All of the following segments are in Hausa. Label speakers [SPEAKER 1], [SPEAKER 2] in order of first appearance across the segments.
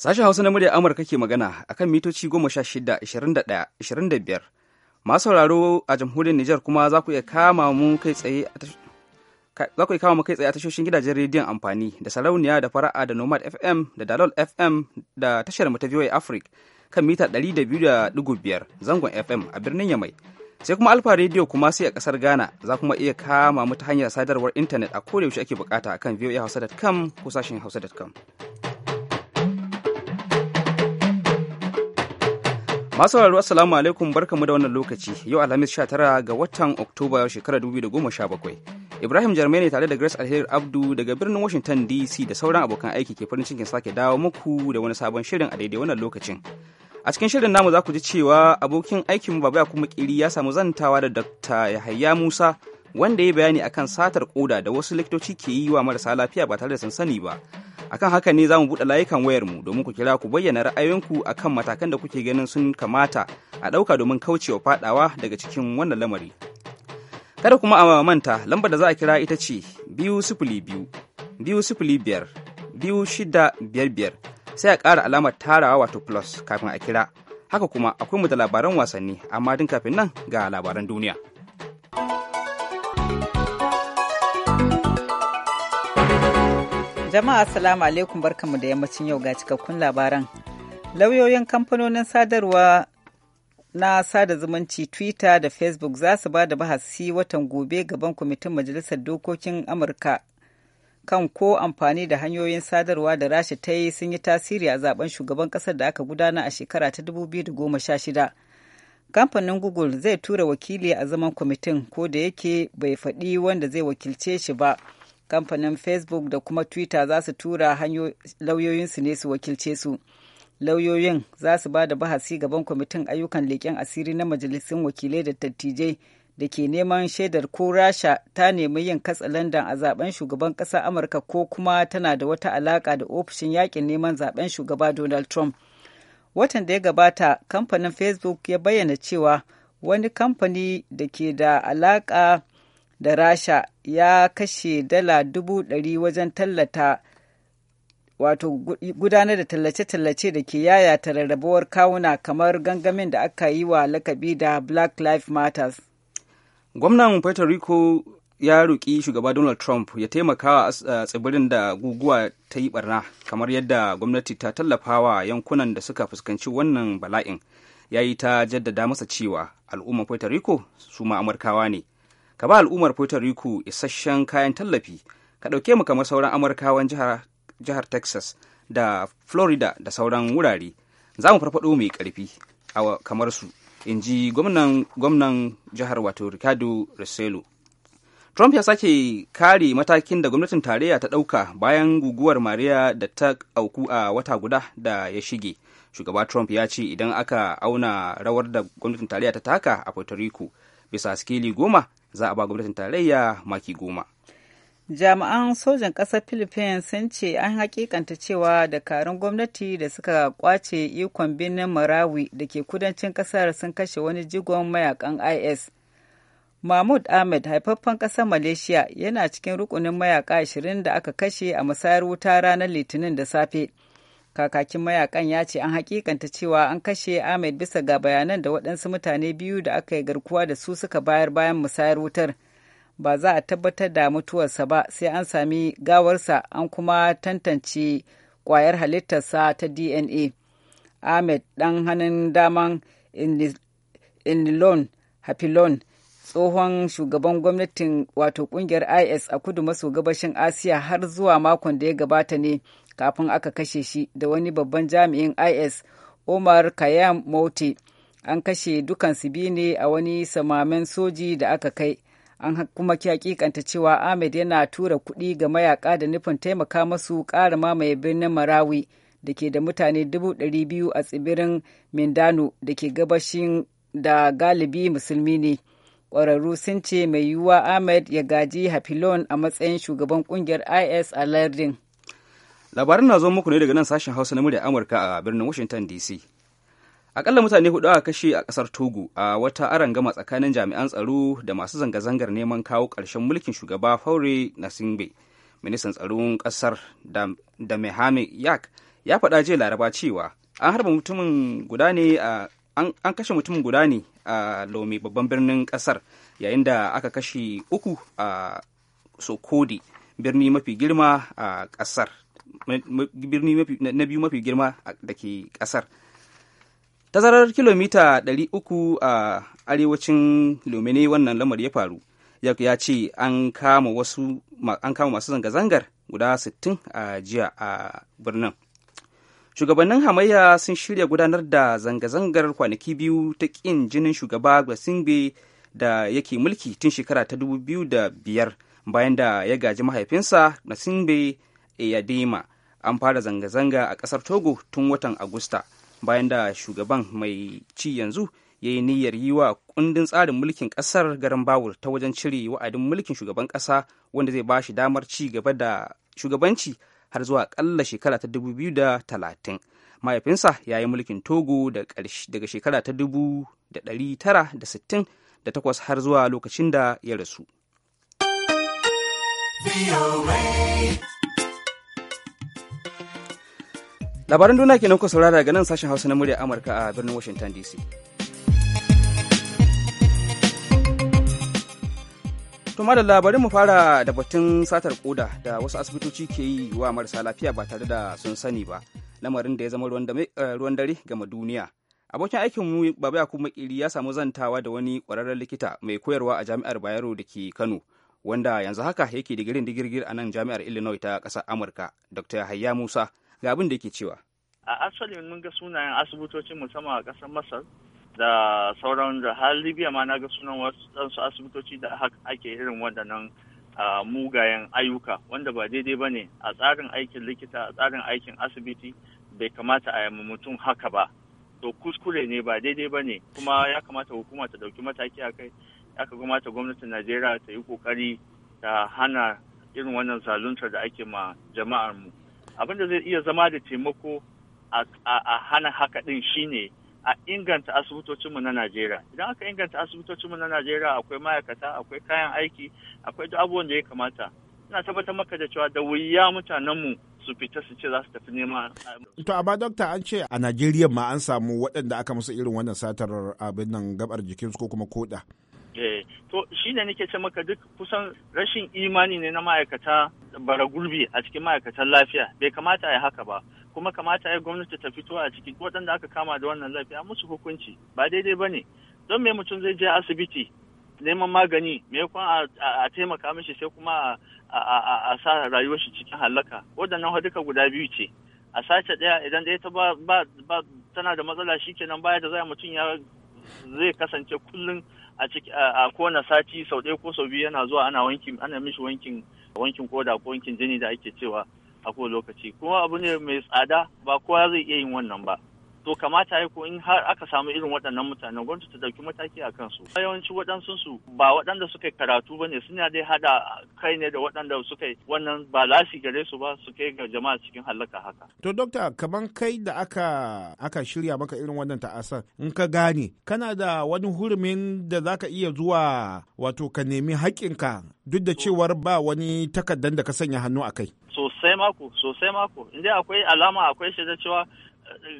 [SPEAKER 1] Sashen Hausa na muryar Amurka ke magana a kan mitoci 16-21-25. Masu sauraro a jamhuriyar Nijar kuma za ku iya kama mu kai tsaye a tashoshin gidajen rediyon amfani da sarauniya da fara'a da Nomad FM da Dalol FM da tashar mu ta VOA Africa kan mita ɗari da da biyu biyar zangon FM a birnin Yamai. Sai kuma Alfa rediyo kuma sai a kasar Ghana za kuma iya kama mu ta hanyar sadarwar intanet a kodayaushe ake bukata kan hausa.com ko sashen hausa.com. Masu sauraro assalamu alaikum barkamu da wannan lokaci yau Alhamis 19 ga watan Oktoba shekarar 2017. Ibrahim Jarmai ne tare da Grace Alheri Abdu daga birnin Washington DC da sauran abokan aiki ke farin cikin sake dawo muku da wani sabon shirin a daidai wannan lokacin. A cikin shirin namu za ku ji cewa abokin aikin Baba kuma Kiri ya samu zantawa da Dr. Yahaya Musa wanda ya bayani akan satar koda da wasu likitoci ke yi wa marasa lafiya ba tare da sun sani ba. akan haka ne za mu buɗe layukan mu domin ku kira ku bayyana ra'ayoyinku akan matakan da kuke ganin sun kamata a ɗauka domin kaucewa faɗawa daga cikin wannan lamari kada kuma a manta lambar da za a kira ita ce biyu sifili biyu biyu sifili biyar biyu shida biyar biyar sai a ƙara alamar tarawa wato plus kafin a kira haka kuma akwai mu da labaran wasanni amma din kafin nan ga labaran duniya.
[SPEAKER 2] Jama'a Assalamu alaikum barkamu da yammacin yau ga cikakkun labaran. Lauyoyin kamfanonin sadarwa na sada zumunci Twitter da Facebook za su ba da bahasi watan gobe gaban kwamitin Majalisar Dokokin Amurka kan ko amfani da hanyoyin sadarwa da Rasha ta yi sun yi tasiri a zaben shugaban ƙasar da aka gudana a shekara ta 2016. Kamfanin Google zai tura wakili a zaman kwamitin ko da yake bai faɗi wanda zai wakilce shi ba. kamfanin facebook da kuma twitter za su tura lauyoyinsu ne su wakilce su lauyoyin za su ba da bahasi gaban kwamitin ayyukan leƙen asiri na majalisun wakilai da dattijai da ke neman shaidar ko rasha ta nemi yin katsa katsalandan a zaben shugaban ƙasa amurka ko kuma tana da wata alaƙa da ofishin yakin neman zaben shugaba donald trump watan da ya gabata kamfanin facebook ya bayyana cewa wani kamfani da ke da alaƙa da rasha ya kashe dala dubu ɗari wajen tallata wato gudanar da tallace-tallace da ke yayata rarrabuwar kawuna kamar gangamin da aka yi wa lakabi da black lives matters gwamnan
[SPEAKER 1] puerto rico ya roƙi shugaba donald trump ya taimaka a uh, tsibirin da guguwa ta yi barna kamar yadda gwamnati ta tallafa wa yankunan da suka fuskanci wannan bala'in ya yi ta jaddada masa cewa al'umman puerto rico su ma amurkawa ne ka ba al'ummar puerto rico isasshen kayan tallafi ka ɗauke mu kamar sauran amurkawan jihar, texas da florida da sauran wurare za mu farfaɗo mai ƙarfi kamar su in ji gwamnan jihar wato ricardo rossello Trump ya sake kare matakin da gwamnatin tarayya ta ɗauka bayan guguwar maria da ta auku a wata guda da ya shige. Shugaba Trump ya ce idan aka auna rawar da gwamnatin tarayya ta taka a Puerto Rico bisa skeli goma za a ba gwamnatin tarayya maki goma
[SPEAKER 2] jami'an sojan ƙasar philippines sun ce an hakikanta cewa dakarun gwamnati da suka kwace ikon birnin marawi da ke kudancin ƙasar sun kashe wani jigon mayakan is mahmud ahmed haifaffen ƙasar malaysia yana cikin rukunin mayaka 20 da aka kashe a musayar wuta ranar litinin da safe kakakin mayakan ya ce an hakikanta cewa an kashe ahmed bisa ga bayanan da waɗansu mutane biyu da aka yi garkuwa da su suka bayar bayan musayar wutar ba za a tabbatar da mutuwarsa ba sai an sami gawarsa an kuma tantance kwayar halittarsa ta dna ahmed ɗan hannun daman inilon hafilon tsohon shugaban gwamnatin wato kungiyar is a kudu maso gabashin asiya har zuwa makon da ya gabata ne kafin aka kashe shi da wani babban jami'in is omar kayam mauti an kashe dukansu biyu ne a wani samamen soji da aka kai an kuma hakikanta cewa ahmed yana tura kuɗi ga mayaka da nufin taimaka masu ƙara mamaye birnin marawi da ke da mutane dubu biyu a tsibirin mindano da ke gabashin da galibi musulmi ne ƙwararru sun ce mai yiwuwa ahmed ya gaji hafilon a matsayin shugaban ƙungiyar is a lardin
[SPEAKER 1] labaran na zo muku ne daga nan sashen hausa na murya amurka a birnin washington dc akalla mutane hudu aka kashe a kasar togo a wata arangama tsakanin jami'an tsaro da masu zanga-zangar neman kawo ƙarshen mulkin shugaba faure singbe ministan tsaron kasar da mehame yak ya faɗa jiya laraba cewa an harba mutumin guda ne an kashe mutumin guda ne a lomi babban birnin kasar yayin da aka kashe uku a sokodi birni mafi girma a kasar birni na biyu mafi girma da ke kasar tazarar kilomita 300 a arewacin lomene wannan lamar ya faru ya ce an kama wasu an kama masu zanga-zangar guda sittin a jiya a birnin shugabannin hamayya sun shirya gudanar da zanga-zangar kwanaki biyu ta ƙin jinin shugaba gbasimbe da yake mulki tun shekara ta biyu da biyar bayan da ya gaji mahaifinsa na gbasimbe eyadema an fara zanga-zanga a ƙasar togo tun watan agusta bayan da shugaban mai ci yanzu ya yi niyyar yi wa kundin tsarin mulkin ƙasar garin bawul ta wajen cire wa'adin mulkin shugaban ƙasa wanda zai ba shi damar ci gaba da shugabanci har zuwa ƙalla shekara ta 2030 mahaifinsa ya yi mulkin togo daga shekara ta 1968 har zuwa lokacin da ya rasu. labaran duniya kenan ku saurara daga nan sashen hausa na murya amurka a birnin washington dc to da labarin mu fara da batun satar koda da wasu asibitoci ke yi wa marasa lafiya ba tare da sun sani ba lamarin da ya zama ruwan eh, dare gama duniya abokin aikin mu ya kuma kiri ya samu zantawa da wani kwararren likita mai koyarwa a jami'ar bayero da ke kano wanda yanzu haka yake digirin digirgir a nan jami'ar illinois ta ƙasar amurka dr yahaya musa ga abin da yake cewa.
[SPEAKER 3] A asali mun ga sunayen asibitocin musamman a ƙasar Masar da sauran da har Libya ma na ga sunan wasu asibitoci da ake irin waɗannan mugayen ayyuka wanda ba daidai ba ne a tsarin aikin likita a tsarin aikin asibiti bai kamata a yamma mutum haka ba. To kuskure ne ba daidai ba ne kuma ya kamata hukuma ta ɗauki mataki a kai ya kamata gwamnatin Najeriya ta yi ƙoƙari ta hana irin wannan zaluntar da ake ma jama'ar mu. abin da zai iya zama da taimako a hana haka din shine a inganta asibitocinmu na Najeriya. Idan aka inganta asibitocinmu na Najeriya akwai ma'aikata, akwai kayan aiki, akwai duk abubuwan da ya kamata. Ina tabbatar maka da cewa da wuya mutanenmu su fita su ce za su tafi nema.
[SPEAKER 4] To amma dokta an ce a Najeriya ma an samu waɗanda aka musu irin wannan satar abin nan gabar su ko kuma koda.
[SPEAKER 3] Eh, to shi ne nake ce maka duk kusan rashin imani ne na ma'aikata bara gurbi a cikin ma'aikatan lafiya bai kamata a yi haka ba kuma kamata ya gwamnati ta fito a cikin waɗanda aka kama da wannan lafiya musu hukunci ba daidai ba ne don me mutum zai je asibiti neman magani me kuma a taimaka mishi sai kuma a sa rayuwar shi cikin halaka waɗannan haduka guda biyu ce a sace ɗaya idan dai ta ba tana da matsala shi shikenan baya da zai mutum ya zai kasance kullum a kowane sati sau ɗaya ko sau biyu yana zuwa ana wankin ana mishi wankin wankin koda ko wankin jini da ake cewa a ko lokaci kuma abu ne mai tsada ba kowa zai iya yin wannan ba so kamata ya ko in har aka samu irin waɗannan mutanen gwamnati ta dauki mataki a kansu yawanci waɗansu su ba waɗanda suka yi karatu ne suna dai haɗa kai ne da waɗanda suka yi wannan ba lasi gare su ba su kai ga jama'a cikin halaka haka
[SPEAKER 4] to dokta kaman kai da aka aka shirya maka irin wannan ta'asar in ka gane kana da wani hurumin da zaka iya zuwa wato ka nemi haƙƙinka duk da cewar ba wani takardar da ka sanya hannu a kai
[SPEAKER 3] sosai mako sosai mako inda akwai alama akwai shaida cewa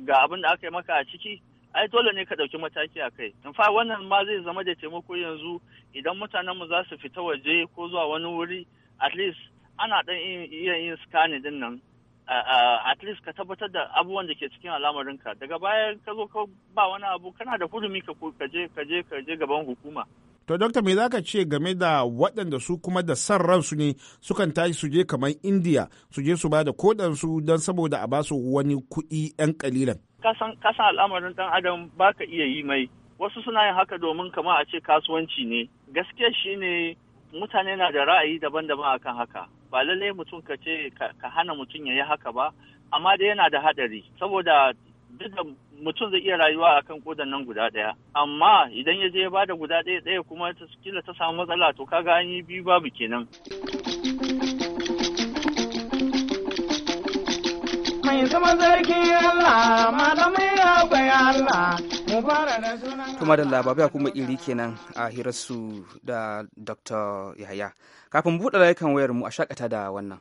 [SPEAKER 3] ga abin da aka yi maka a ciki ai dole ne ka ɗauki mataki a kai in fa wannan ma zai zama da taimako yanzu idan mutanenmu za su fita waje ko zuwa wani wuri at least ana ɗan iya yin scanning din nan at least ka tabbatar da abubuwan da ke cikin al'amarinka daga baya ka zo ka ba wani abu kana da hurumi ka je ka je ka je gaban hukuma
[SPEAKER 4] To, Dokta, me za ka ce game da waɗanda su kuma da san ransu ne sukan tashi su je kamar Indiya su je su ba da kodansu don saboda a ba su wani kuɗi 'yan kalilan.
[SPEAKER 3] Kasan al'amarin ɗan adam ba ka iya yi mai. Wasu suna yin haka domin kama a ce kasuwanci ne. Gaskiya shi ne mutane na da ra'ayi daban-daban akan haka. Ba lallai mutum ka ce ka hana mutum ya yi haka ba, amma dai yana da haɗari. Saboda duk da mutum zai iya rayuwa a kan kodan nan guda ɗaya amma idan ya je ya bada guda ɗaya ɗaya kuma kila ta samu matsala to kaga an yi biyu babu kenan.
[SPEAKER 1] Mai zama zarki Allah, malamai akwai Allah, mu fara da sunan Kuma da labarai kuma iri kenan a hirarsu da Dr. Yahaya. Kafin buɗe layukan wayar mu a shakata da wannan.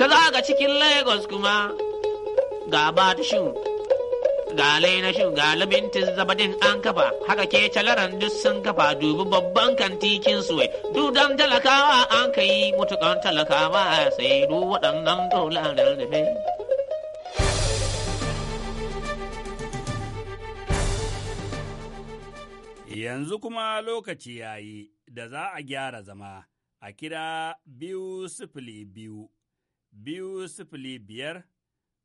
[SPEAKER 5] ka ga cikin lagos kuma ga batishin ga lainashin ga labintin zabadin an kafa haka ke calaran duk sun kafa dubi babban kantikin suwai dudan talakawa an ka yi mutukan talakawa sai du waɗannan da rarrabe
[SPEAKER 6] yanzu kuma lokaci ya yi da za a gyara zama a kira biyu sifili biyu biyu sifili biyar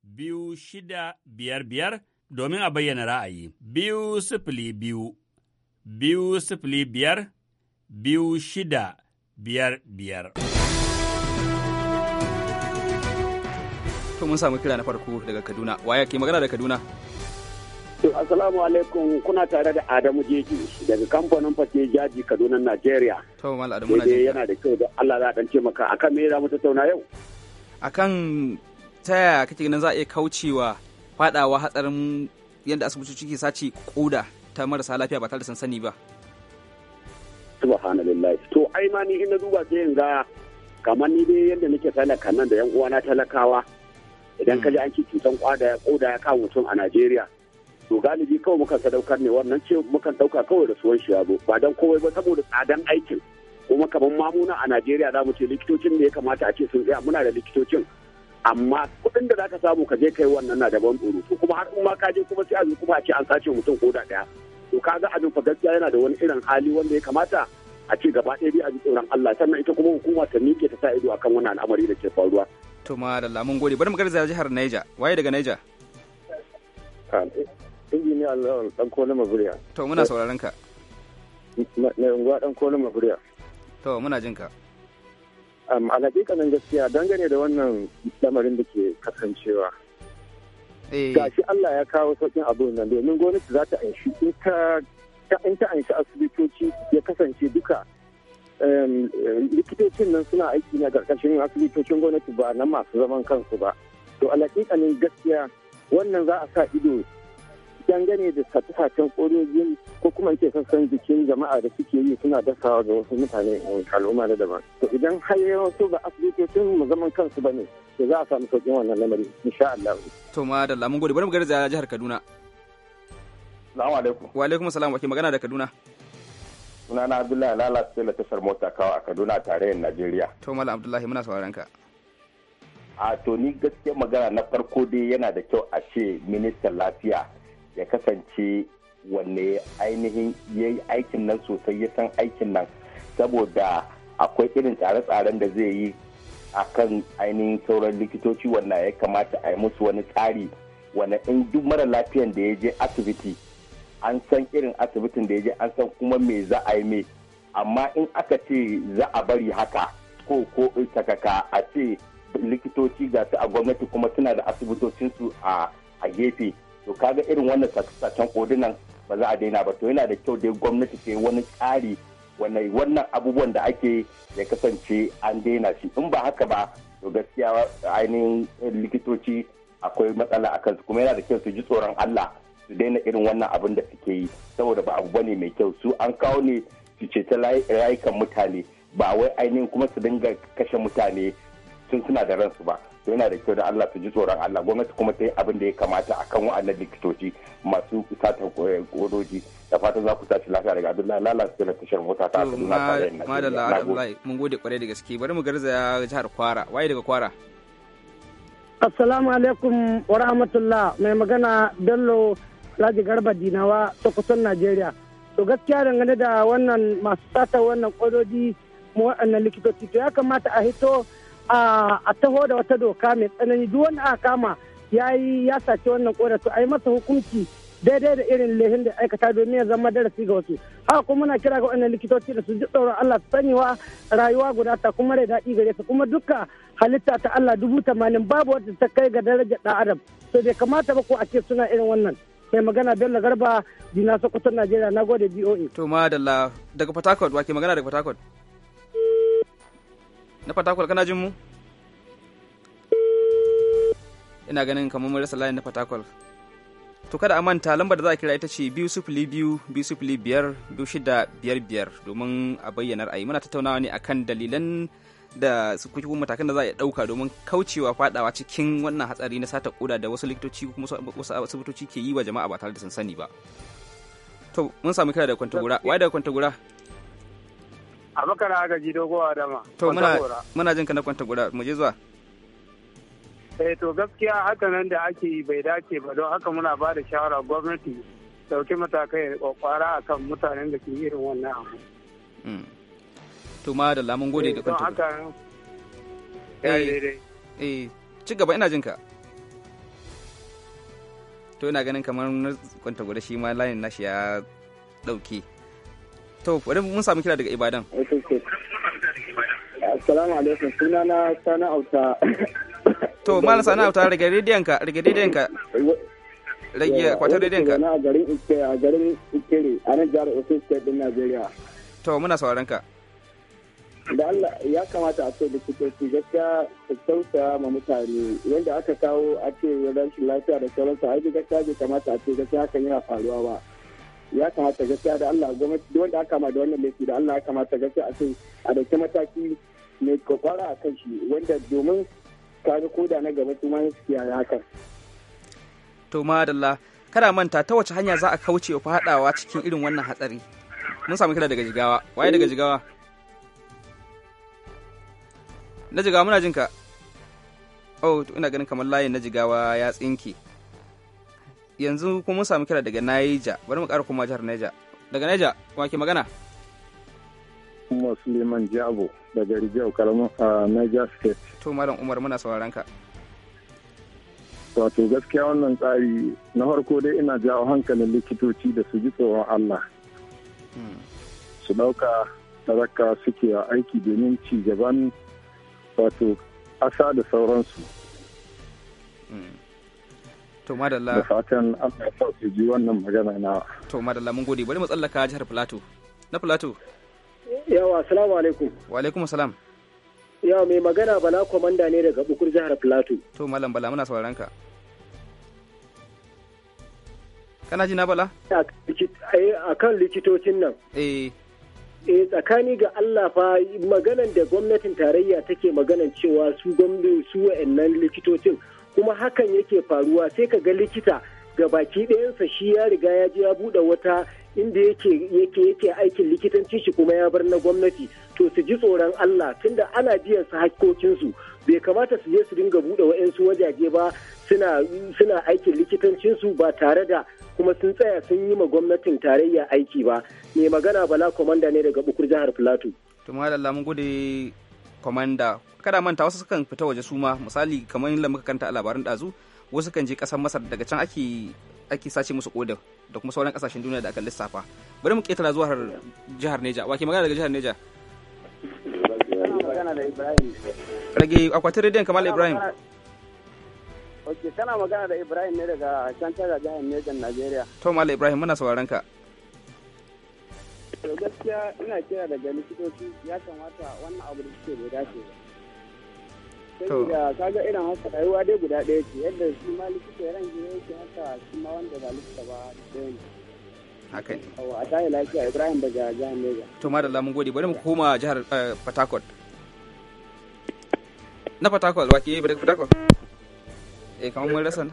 [SPEAKER 6] biyu shida biyar biyar domin a bayyana ra'ayi biyu sifili biyu biyu sifili biyar biyu shida
[SPEAKER 1] biyar biyar. To mun samu kira na farko daga Kaduna. Waya ke magana da Kaduna?
[SPEAKER 4] To assalamu alaikum kuna tare da Adamu Jeji daga kamfanin fashe jaji Kaduna Najeriya.
[SPEAKER 1] To mal Adamu Najeriya.
[SPEAKER 4] Yana da kyau da Allah za a maka a kan me za mu tattauna yau.
[SPEAKER 1] akan ta yaya kake ganin za a iya kaucewa fadawa hatsarin yadda asibitoci ke sace koda ta marasa lafiya ba tare da sansani ba
[SPEAKER 4] subhanallahi to ai ma ni in na duba sai in ga kamar ni dai yadda nake talaka nan da yan uwana talakawa idan ka ji an ci cutan kwada ya koda ya kawo mutum a Najeriya to galibi kawai mukan sadaukar ne wannan ce mukan dauka kawai da suwan shi ba dan kowai ba saboda tsadan aikin kuma kamar mamuna a najeriya za mu ce likitocin da ya kamata a ce sun tsaya muna da likitocin amma kuɗin da zaka samu ka je kai wannan na daban tsoro to kuma har in ma ka je kuma sai a zo kuma a ce an sace mutum ko da ɗaya to ka ga abin fa gaskiya yana da wani irin hali wanda ya kamata a ce gaba ɗaya dai a ji tsoron Allah sannan ita kuma hukuma ta miƙe ta sa ido akan wannan al'amari da ke faruwa.
[SPEAKER 1] To ma da lamun gode bari mu garza jihar Niger waye daga Niger. Injiniya Allah
[SPEAKER 4] ɗan kone maburiya.
[SPEAKER 1] To muna sauraron ka.
[SPEAKER 4] Mai unguwa ɗan kone maburiya.
[SPEAKER 1] to muna jin ka
[SPEAKER 4] um, a nan gaskiya dangane da wannan lamarin da ke kasancewa eh. ga Allah ya kawo sauƙin abu nan domin gwamnati za ta anshi in ta anshi asibitoci ya kasance duka likitocin nan suna aiki na ƙarƙashin asibitocin gwamnati ba na masu zaman kansu ba to a gaskiya wannan za a sa ido dangane da sace-sacen ƙorojin ko kuma ke sassan jikin jama'a da suke yi suna dasawa ga wasu mutane eh, al'umma da daban to idan har yawansu ba asibitocin mu zaman kansu ba ne to za a samu sauƙin wannan lamari insha Allah
[SPEAKER 1] to ma da lamun gode bari mu garza jihar Kaduna Assalamu alaikum wa alaikum assalam wake magana da Kaduna sunana Abdullahi
[SPEAKER 4] Lala sai tashar
[SPEAKER 6] mota kawo a Kaduna tarayyar Najeriya
[SPEAKER 1] to mallam Abdullahi muna sauraron ka a to ni
[SPEAKER 6] gaskiya magana na farko dai yana da kyau a ce ministan lafiya ya kasance wanne ainihin ya yi aikin nan sosai ya san aikin nan saboda akwai irin tsare-tsaren da zai yi a kan ainihin sauran likitoci wannan ya kamata a yi musu wani tsari wanda in duk mara lafiyan da ya je asibiti an san irin asibitin da ya je an san kuma me za a yi me amma in aka ce za a bari haka ko ko takaka a ce likitoci ga su a gwamnati kuma suna da asibitocinsu a gefe to kaga irin wannan sace-sacen ba za a daina ba to yana da kyau dai gwamnati ke wani tsari wannan abubuwan da ake ya kasance an daina shi in ba haka ba to gaskiya ainihin likitoci akwai matsala a kansu kuma yana da kyau su ji tsoron Allah su daina irin wannan abin da suke yi saboda ba abu bane mai kyau su an kawo ne su ta rayukan mutane ba wai ainihin kuma su dinga kashe mutane tun suna da ransu ba yana da kyau da Allah su ji tsoron Allah gwamnati kuma ta yi abin da ya kamata a kan wa'annan likitoci masu satan kodoji eh, da fatan za ku tashi lafiya daga Abdullahi Lala su na tashar mota ta Kaduna tare da Madalla Abdullahi
[SPEAKER 1] mun gode kwarai da gaske bari mu garzaya jihar Kwara waye daga Kwara
[SPEAKER 4] Assalamu alaikum wa rahmatullah mai magana Bello Raji Garba Dinawa kusan Najeriya to gaskiya dangane da wannan masu sata wannan kodoji mu wa'annan likitoci to ya kamata a hito a taho da wata doka mai tsanani duk wanda aka kama ya yi ya sace wannan koda to a yi masa hukunci daidai da irin lehin da aikata domin ya zama darasi ga wasu haka kuma muna kira ga wannan likitoci da su ji tsoron Allah su sani wa rayuwa guda ta kuma rai daɗi gare su kuma duka halitta ta Allah dubu tamanin babu wata ta kai ga darajar ɗan adam to bai kamata ba ko a ce suna irin wannan mai magana Bello Garba
[SPEAKER 1] Dina Sokoto Najeriya na gode BOA to madalla daga Fatakwal wake magana daga Fatakwal na fatakwal kana jin mu ina ganin kamar mun rasa layin na fatakwal to kada a manta lambar da za a kira ita ce biyu sifili biyu biyu sifili biyar biyu shida biyar biyar domin a bayyana ra'ayi muna tattaunawa ne akan dalilan da su kuma matakan da za a ɗauka domin kaucewa fadawa cikin wannan hatsari na sata koda da wasu likitoci kuma wasu asibitoci ke yi wa jama'a ba tare da sun sani ba to mun samu kira da kwantagura wai da kwantagura
[SPEAKER 4] Abubakar Agaji Dogo Adama. To
[SPEAKER 1] muna jin ka na kwanta guda mu je zuwa.
[SPEAKER 4] Eh to gaskiya haka nan da ake yi bai dace ba don haka muna ba da shawara gwamnati dauki matakai kwakwara kan mutanen da ke irin wannan abu.
[SPEAKER 3] Hmm.
[SPEAKER 1] To ma da lamun gode da eh, kwanta guda. Eh eh ci gaba ina jin ka. To ina ganin kamar kwanta guda shi ma layin nashi ya dauke. To, wani mun samu kira daga Ibadan.
[SPEAKER 4] Assalamu alaikum, suna na Sana Auta.
[SPEAKER 1] To, Mala Sana Auta, rage rediyonka, rage rediyonka. Rage kwatar rediyonka. Na garin Ike,
[SPEAKER 4] a garin Ikere, a nan jihar Osun State din Najeriya.
[SPEAKER 1] To, muna sauran ka.
[SPEAKER 4] Da Allah ya kamata a ce su gaskiya su tausa ma mutane yadda aka kawo a ce rashin lafiya da sauransa, yi gaskiya bai kamata a ce gaskiya hakan yana faruwa ba. ya kamata gaskiya da Allah gwamnati duk wanda aka ma da wannan laifi da Allah ya kamata gaskiya a ce a dauki mataki mai kwakwara a kan shi wanda domin kare koda na gaba
[SPEAKER 1] su ma su kiyaye haka. To madalla kada manta ta wace hanya za a kauce wa fadawa cikin irin wannan hatsari. Mun samu kira daga jigawa. Waye daga jigawa? Na jigawa muna jinka. Oh, ina ganin kamar layin na jigawa ya tsinke. yanzu kuma mun samu kira daga Naija bari mu ƙara kuma jihar Naija daga Naija wa ke magana Umar Suleiman Jabo daga Rijau Kalamu a Niger State to malam Umar muna sauraron ka
[SPEAKER 4] wato gaskiya wannan tsari na farko dai ina jawo hankalin likitoci da su ji tsoron Allah hmm. su ɗauka taraka suke a aiki domin ci gaban wato ƙasa da sauransu
[SPEAKER 1] hmm. to madalla da fatan an sa su ji wannan magana na to madalla mun gode bari mu tsallaka jihar Plateau na Plateau
[SPEAKER 4] yawa assalamu alaikum
[SPEAKER 1] wa alaikum assalam
[SPEAKER 4] yawa mai magana bala komanda ne daga bukur jihar Plateau
[SPEAKER 1] to malam bala muna sauraron ka kana ji na bala a kan eh, likitocin nan eh
[SPEAKER 4] e tsakani ga Allah fa maganan da gwamnatin tarayya take maganan cewa su gwamnati su wa'annan likitocin kuma hakan yake faruwa sai ka ga likita ga baki ɗayansa shi ya riga ya je ya buɗe wata inda yake yake aikin likitanci shi kuma ya bar na gwamnati to su ji tsoron Allah tunda ana biyan su hakkokinsu bai kamata su je su dinga buɗe waɗansu wajaje ba suna suna aikin likitancinsu ba tare da kuma sun tsaya sun yi ma gwamnatin tarayya aiki ba mai magana bala komanda ne daga bukur jihar plateau
[SPEAKER 1] to mun gode kwamanda kada manta wasu sukan fita waje suma misali kamar yadda muka kanta a labarin dazu wasu kan je kasar masar daga can ake ake sace musu kodin da kuma sauran kasashen duniya da aka lissafa bari mu ketara zuwa jihar neja wa ke magana daga jihar neja rage akwatin rediyon kamal ibrahim
[SPEAKER 4] ok kana magana da ibrahim ne daga can jihar neja nigeria
[SPEAKER 1] to malam ibrahim muna sauraron ka
[SPEAKER 4] to gaskiya ina kira daga likitoci ya kamata wannan abu da suke bai dace ba saboda kaga irin haka rayuwa dai guda ɗaya ce yadda shi ma likita ya rangi ne yake haka shi ma wanda ba likita ba ɗaya ne haka ne a tayi lafiya ibrahim daga jihar Niger
[SPEAKER 1] to da lamun gode bari mu koma jihar eh, Port na Port Harcourt wake yi Port Harcourt eh kamar mun rasa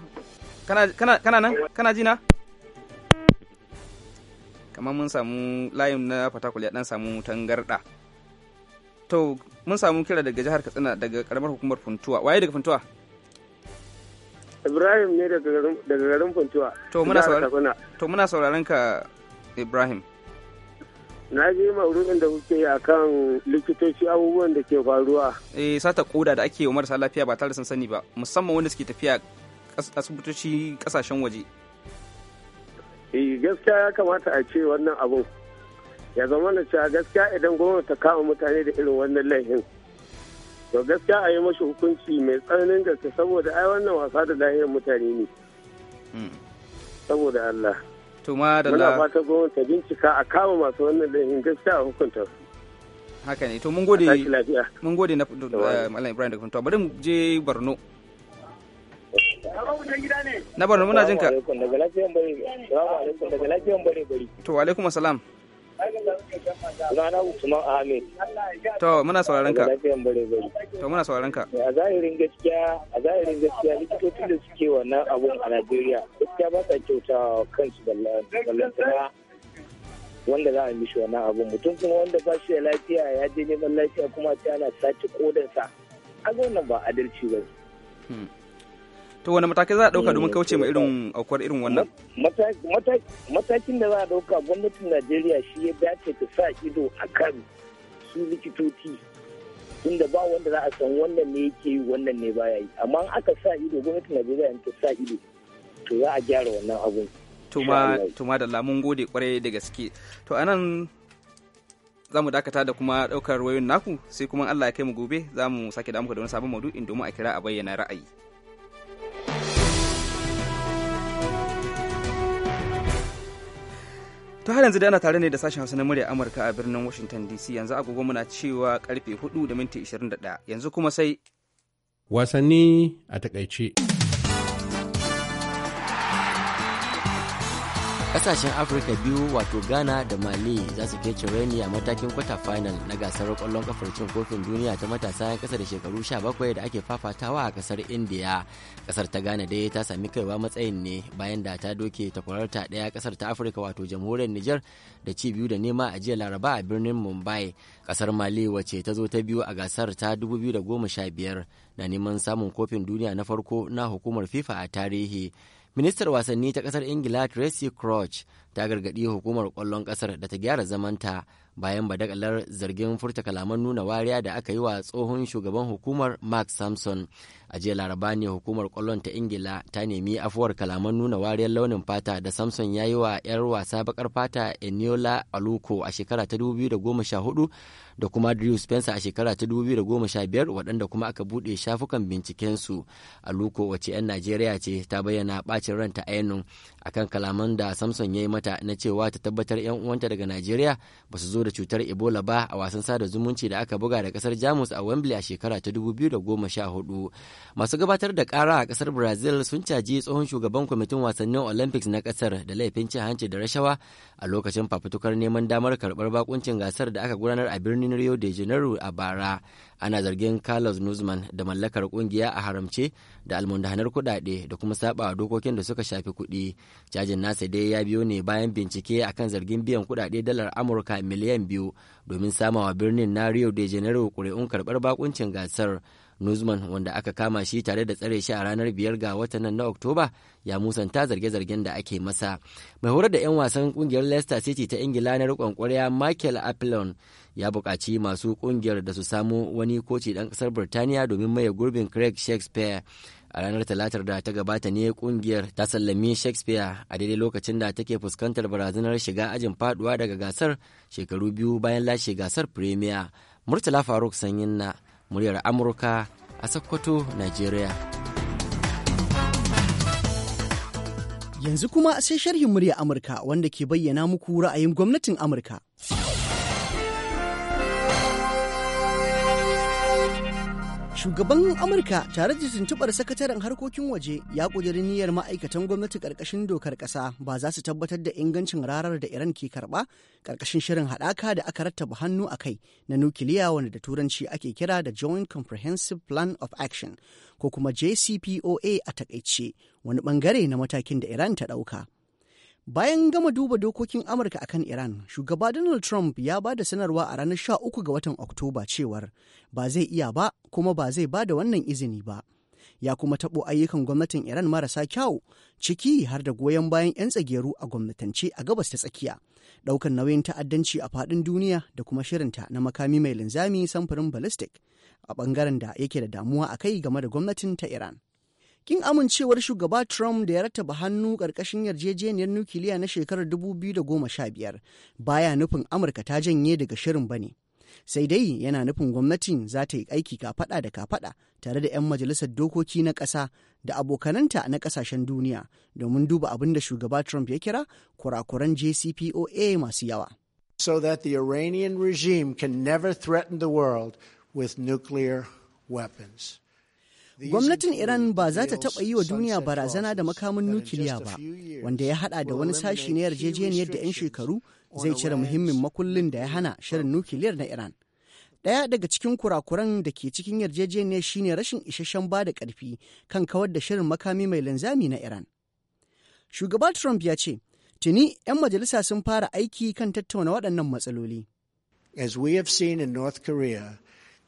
[SPEAKER 1] kana kana kana nan kana jina na amma mun samu layin na fatakul ya dan samu tangarda to mun samu kira daga jihar katsina daga karamar hukumar funtuwa waye daga funtuwa
[SPEAKER 4] ibrahim ne daga garin funtuwa to muna sauraron
[SPEAKER 1] to muna sauraron ka ibrahim
[SPEAKER 4] na ji maurin da kuke yi akan likitoci abubuwan da ke faruwa
[SPEAKER 1] eh sata koda da ake yi wa marasa lafiya ba tare da sun sani ba musamman wanda suke tafiya asibitoci kasashen waje
[SPEAKER 4] Eh, gaskiya ya kamata a ce wannan abun ya zama na cewa gaskiya idan gwamnati ta kama mutane da irin wannan laifin to gaskiya a yi mashi hukunci mai tsananin gaske saboda ai wannan wasa da lahiyar mutane ne hmm. saboda Allah
[SPEAKER 1] to ma da muna
[SPEAKER 4] ta gwamnati ta bincika a kama masu wannan laifin gaskiya a hukunta
[SPEAKER 1] haka ne to mun gode mun gode na eh, Malam Ibrahim da Funtuwa bari mu je Borno
[SPEAKER 4] Na Borno muna jinka. Daga lafiyan bare bari.
[SPEAKER 1] To alaikum assalam.
[SPEAKER 4] Rana Usman Ahmed. To muna sauraron ka.
[SPEAKER 1] To muna sauraron ka.
[SPEAKER 4] A zahirin gaskiya, a zahirin gaskiya likitocin da suke wannan abu a Najeriya, gaskiya ba sa kyauta kansu ballantana wanda za a mishi wannan abu mutum kuma wanda ba shi da lafiya ya je neman lafiya kuma ta ana sace kodansa. a wannan ba adalci ba.
[SPEAKER 1] to wani matakai za a dauka domin mm, kauce ma irin aukuwar irin wannan
[SPEAKER 4] matakin da za a dauka gwamnatin najeriya shi ya dace ta sa ido a kan su likitoci inda ba wanda za a san wannan ne yake yi wannan ne baya yi amma aka sa ido gwamnatin najeriya ta sa ido to za a gyara wannan abun
[SPEAKER 1] tuma tuma da lamun gode kwarai da gaske to anan za mu dakata da kuma ɗaukar wayoyin naku sai kuma Allah ya kai mu gobe za mu sake da da wani sabon maudu'in domin a kira a bayyana ra'ayi. To har yanzu da ana tare ne da sashen hausa na murya amurka a birnin washington dc yanzu agogo muna cewa karfe 4 da minti 21 yanzu kuma sai
[SPEAKER 6] wasanni a takaice
[SPEAKER 5] kasashen afirka biyu wato ghana da mali za su kece reni a matakin kwata final na gasar kwallon kafar cin kofin duniya ta matasa 'yan kasa da shekaru 17 da ake fafatawa a kasar indiya kasar ta ghana dai ta sami kaiwa matsayin ne bayan da ta doke takwararta daya kasar ta afirka wato jamhuriyar niger da ci biyu da nema a jiya laraba a birnin mumbai kasar mali wacce ta zo ta biyu a gasar ta 2015 na neman samun kofin duniya na farko na hukumar fifa a tarihi ministar wasanni ta kasar ingila tracy crouch ta gargaɗi hukumar ƙwallon ƙasar da ta gyara zamanta bayan badakalar zargin furta kalaman nuna wariya da aka yi wa tsohon shugaban hukumar mark samson a jiya laraba ne hukumar kwallon ta ingila ta nemi afuwar kalaman nuna wariyar launin fata da samson ya yi wa 'yar wasa bakar fata eniola aluko a shekara ta 2014 da kuma drew spencer a shekara ta 2015 waɗanda kuma aka buɗe shafukan bincikensu aluko wace 'yan najeriya ce ta bayyana bacin ranta ainun akan kalaman da samson ya yi mata na cewa ta tabbatar 'yan uwanta daga najeriya ba su zo da cutar ebola ba a wasan sada zumunci da aka buga da kasar jamus a wembley a shekara ta 2014 masu gabatar da kara a kasar brazil sun caji tsohon shugaban kwamitin wasannin olympics na kasar da laifin cin hanci da rashawa a lokacin fafutukar neman damar karbar bakuncin gasar da aka gudanar a birnin rio de janeiro a bara ana zargin carlos nuzman da mallakar kungiya a haramce da almundahanar kuɗaɗe da kuma saba dokokin da suka shafi kuɗi cajin nasa dai ya biyo ne bayan bincike akan zargin biyan kuɗaɗe dalar amurka miliyan biyu domin samawa birnin na rio de janeiro ƙuri'un karɓar bakuncin gasar Nuzman wanda aka kama shi tare da tsare shi a ranar biyar ga watan na Oktoba ya musanta zarge-zargen da ake masa. Mai horar da 'yan wasan kungiyar Leicester City ta Ingila na riƙon ƙwarya Michael Appelon ya buƙaci masu kungiyar da su samu wani koci ɗan ƙasar Birtaniya domin maye gurbin Craig Shakespeare. a ranar talatar da ta gabata ne kungiyar ta sallami shakespeare a daidai lokacin da take fuskantar barazanar shiga ajin faduwa daga gasar shekaru biyu bayan lashe gasar premier murtala faruk sanyin na muryar amurka a sokoto Najeriya.
[SPEAKER 7] yanzu kuma sai sharhin muryar amurka wanda ke bayyana muku ra'ayin gwamnatin amurka Shugaban Amurka tare da tuntuɓar sakataren harkokin waje ya kudiri niyyar ma'aikatan gwamnati ƙarƙashin dokar ƙasa ba za su tabbatar da ingancin rarar da Iran ke karba ƙarƙashin shirin haɗaka da aka rattaba hannu a kai na nukiliya wanda da turanci ake kira da Joint Comprehensive Plan of Action ko kuma JCPOA a takaice wani ɓangare na matakin da Iran ta ɗauka. Bayan gama duba dokokin Amurka akan Iran, shugaba Donald Trump ya ba da sanarwa a ranar 13 ga watan Oktoba cewar ba zai iya ba kuma ba zai ba da wannan izini ba. Ya kuma taɓo ayyukan gwamnatin Iran marasa kyau ciki har da goyon bayan 'yan tsageru a gwamnatance a gabas ta tsakiya, ɗaukar nauyin ta'addanci a faɗin duniya da kuma shirinta na makami mai linzami samfurin ballistic a ɓangaren da yake da damuwa a kai game da gwamnatin ta Iran. Kin amincewar shugaba Trump da ya rattaba hannu karkashin yarjejeniyar nukiliya na shekarar 2015 baya nufin Amurka ta janye daga shirin bane. Sai dai yana nufin gwamnatin za ta yi aiki kafaɗa da kafaɗa tare da 'yan majalisar dokoki na ƙasa da abokananta na ƙasashen duniya domin duba abin da shugaba Trump ya kira kurakuran JCPOA masu yawa. So that the Iranian regime can never threaten the world with nuclear weapons. Gwamnatin Iran ba za ta taɓa yi wa duniya barazana da makamin nukiliya ba, wanda ya haɗa da wani sashi na yarjejeniyar da 'yan shekaru zai cire muhimmin makullin da ya hana shirin nukiliyar na Iran. Ɗaya daga cikin kurakuran da ke cikin yarjejeniyar shine rashin isasshen ba da ƙarfi kan kawar da shirin makami mai linzami na Iran. Shugaba Trump ya ce, tuni 'yan majalisa sun fara aiki kan tattauna waɗannan matsaloli. As we have seen in North Korea,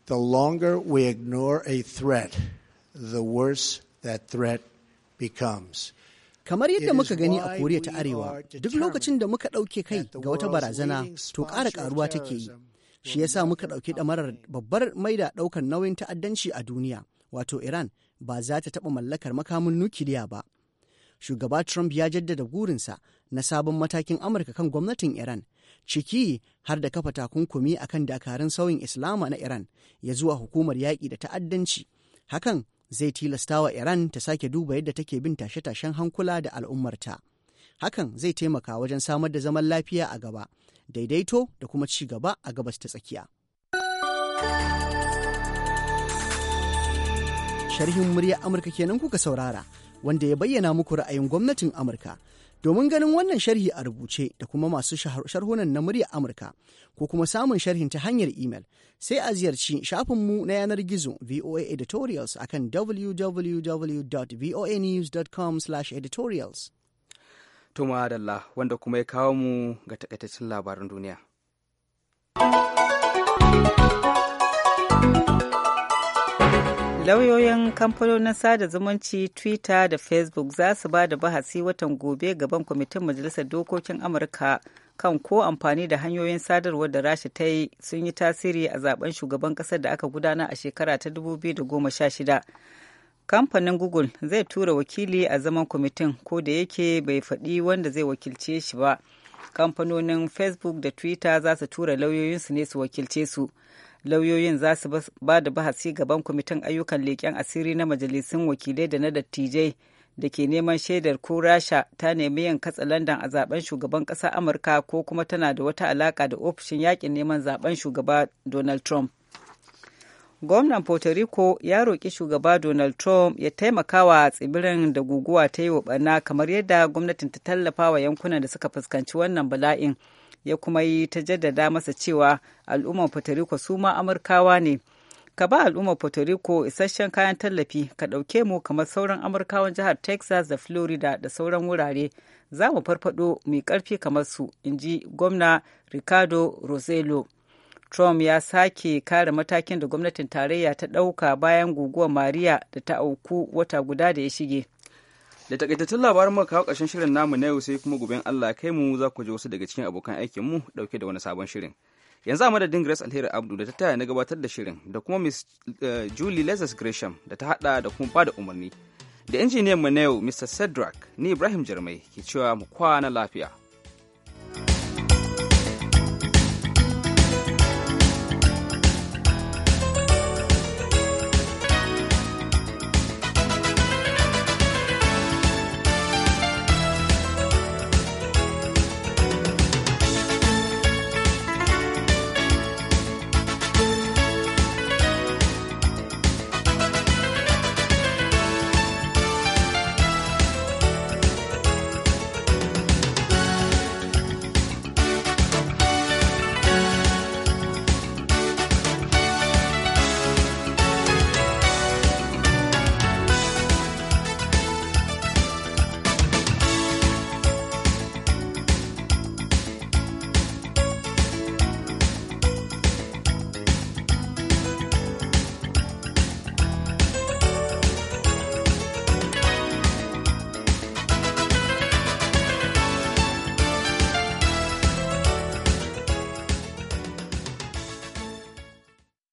[SPEAKER 7] the longer we ignore a threat, the worse that threat becomes. Kamar yadda muka gani a Koriya ta Arewa, duk lokacin da muka ɗauke kai ga wata barazana to ƙara ƙaruwa take yi. Shi yasa muka ɗauki ɗamarar babbar maida ɗaukar nauyin ta'addanci a duniya, wato Iran ba za ta taɓa mallakar makamin nukiliya ba. Shugaba Trump ya jaddada gurinsa na sabon matakin Amurka kan gwamnatin Iran, ciki har da kafa takunkumi akan dakarun sauyin Islama na Iran ya zuwa hukumar yaƙi da ta'addanci. Hakan zai tilasta wa Iran ta sake duba yadda take bin tashe-tashen hankula da al'ummarta. Hakan zai taimaka wajen samar da zaman lafiya a gaba, daidaito da kuma ci gaba a gabas ta tsakiya. Sharhin murya Amurka kenan kuka saurara, wanda ya bayyana muku ra'ayin gwamnatin Amurka Domin ganin wannan sharhi a rubuce da kuma masu sharhunan na murya Amurka ko kuma samun sharhin ta hanyar imel sai a ziyarci shafinmu na yanar gizo VOA editorials akan
[SPEAKER 1] www.voanews.com/editorials. Tuma Adalla wanda kuma ya kawo mu ga takaitaccen labaran duniya.
[SPEAKER 2] lauyoyin kamfanonin sada zumunci twitter da facebook za su ba da bahasi watan gobe gaban kwamitin majalisar dokokin amurka kan ko amfani da hanyoyin sadarwar da rasha ta yi sun yi tasiri a zaben shugaban kasar da aka gudana a shekara ta 2016 kamfanin google zai tura wakili a zaman kwamitin ko da yake bai faɗi wanda zai wakilce shi ba kamfanonin facebook da twitter za su tura lauyoyinsu ne su wakilce su lauyoyin za su ba da bahasi gaban kwamitin ayyukan leƙen asiri na majalisun wakilai da na dattijai da ke neman shaidar ko rasha ta nemi yin katsalandan a zaben shugaban ƙasa amurka ko kuma tana da wata alaƙa da ofishin yakin neman zaben shugaba donald trump gwamnan puerto rico ya roƙi shugaba donald trump ya taimaka wa tsibirin da guguwa ta yi wa ɓarna kamar yadda gwamnatin ta tallafa wa yankunan da suka fuskanci wannan bala'in ya kuma yi ta jaddada masa cewa al'ummar puerto rico su ma amurkawa ne ka ba al'ummar puerto rico isasshen kayan tallafi ka ɗauke mu kamar sauran amurkawan jihar texas da florida da sauran wurare za mu farfado mai ƙarfi kamar su in ji gwamna ricardo roselo trump ya sake kare matakin da gwamnatin tarayya ta ɗauka bayan guguwar maria da ta auku wata guda da ya shige
[SPEAKER 1] da takaitattun labarin muka kawo ƙarshen shirin namu na yau sai kuma guben Allah kai mu za ku ji wasu daga cikin abokan aikin mu dauke da wani sabon shirin yanzu a madadin Grace Alheri Abdu da ta taya na gabatar da shirin da kuma Miss eh, Julie Lazarus Gresham da ta hada da kuma bada umarni da injiniyan mu na yau Mr. Cedric ni Ibrahim Jarmai ke cewa mu kwana lafiya